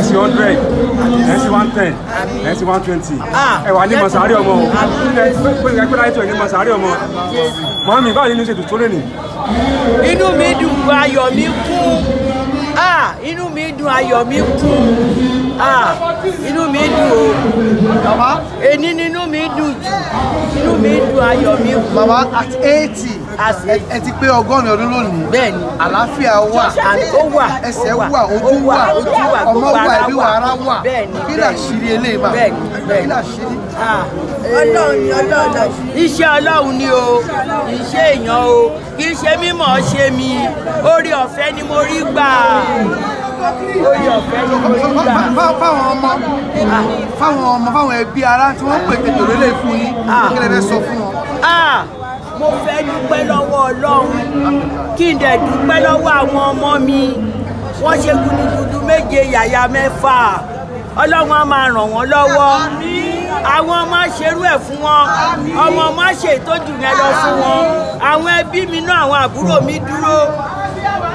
ẹ̀sìn hundred ẹ̀sìn one ten ẹ̀sìn one twenty ẹ̀wà ní masari ọmọ o pẹ̀lú pẹ̀lú àìtọ́ ẹ̀ ní masari ọmọ mọ́mí báwo nínú ṣètò tó lè nì. inú mi dùn ayọ̀ mi kún inú mi dùn ayọ̀ mi kún inú mi dùn o ẹni nínú mi dùn jù inú mi dùn ayọ̀ mi kún. bàbá at eighty ẹ ti pé ọgọ́rin ọdún lónìí bẹ́ẹ̀ni àlàáfíà wà ẹsẹ̀ wà ojú wà ọmọ wà ẹbí wà ara wà kí là ṣírí eléyìí mà kí là ṣírí. Ah. iṣẹ́ ọlọ́run ni o iṣẹ́ èèyàn o kì í ṣe mímọ̀ ṣe mi orí ọ̀fẹ́ ni mo rí gbà fáwọn ọmọ ah. fáwọn ọmọ fáwọn ẹbí ara tí wọ́n pè tètè lélẹ̀ fún yín ah. kí lè fẹ́ sọ fún wọn mo fẹ́ dúpẹ́ lọ́wọ́ ọlọ́run kí n dẹ̀ dúpẹ́ lọ́wọ́ àwọn ọmọ mi wọ́n ṣe gudugudu méje yàyà mẹ́fà ọlọ́run á máa ràn wọ́n lọ́wọ́ àwọn ọmọ ṣerú ẹ̀ fún wọn ọmọ ọmọ ṣètọ́jú yẹn lọ fún wọn àwọn ẹbí mi náà àwọn àbúrò mi dúró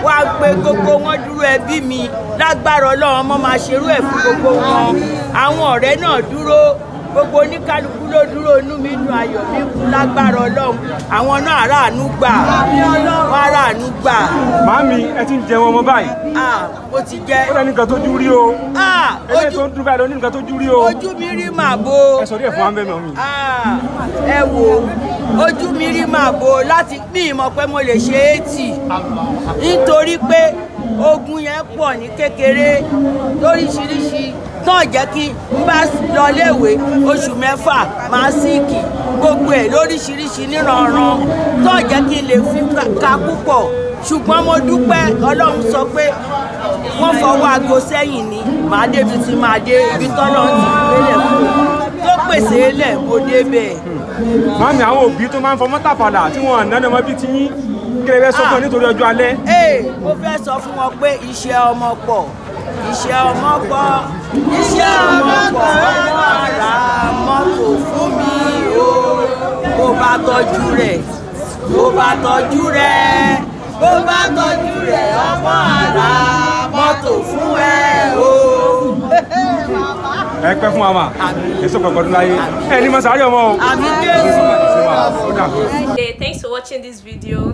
wá gbé gbogbo wọn dúró ẹbí mi lágbára ọlọ́run ọmọ máa ṣerú ẹ̀ fún gbogbo wọn àwọn ọ̀rẹ́ náà dúró gbogbo oníkálukú ló dúró inú mi dùn ayọ̀ mi kú lágbára ọlọ́run àwọn náà aráàánú gbà wọ́n aráàánú gbà. màámi ẹ ti ń jẹun ọmọ báyìí. mo ti jẹ. ó lẹ́nu nǹkan tójú rí o. ẹlẹ́yìn tó ń dúró báyìí ó ní nǹkan tójú rí o. ojú mi rí màá bo. ẹ sọ díẹ̀ fún wa mẹ́mọ̀ mi. ẹ wò ojú mi rí màá bo láti pín ìmọ̀ pé mo lè ṣe é tì nítorí pé ogun yẹn pọ̀ ní kékeré lóríṣiríṣi náà jẹ́ kí n bá lọ léèwé oṣù mẹ́fà máa síìkì gbogbo ẹ̀ lóríṣiríṣi níranran náà jẹ́ kí n lè fi ka púpọ̀ ṣùgbọ́n mo dúpẹ́ ọlọ́run sọ pé wọ́n fọwọ́ aago sẹ́yìn ni màá débi tí màá dé ibi tọ́lọ́ ti gbélé fún tó pèsè lẹ̀ mo débẹ̀. mami àwọn òbí tó máa ń fọmọ́ tàfàlà tí wọ́n ò nánà mọ́ bíi ti yín kí sọ fún ah. nítorí ọjọ́ alẹ́. mo fẹ́ sọ fún wọn pé iṣẹ́ ọmọ pọ̀ iṣẹ́ ọmọ pọ̀ iṣẹ́ ọmọ pọ̀ ọmọ ara mọ́tò fún mi o bó bá tọ́jú rẹ̀ bó bá tọ́jú rẹ̀ bó bá tọ́jú rẹ̀ ọmọ ara mọ́tò fún ẹ o. ẹ pẹ́ fún wa ma èso gbọ̀gbọ̀dún láyé ẹ ní mo sáré ọmọ o. àmì Hey, thanks for watching this video.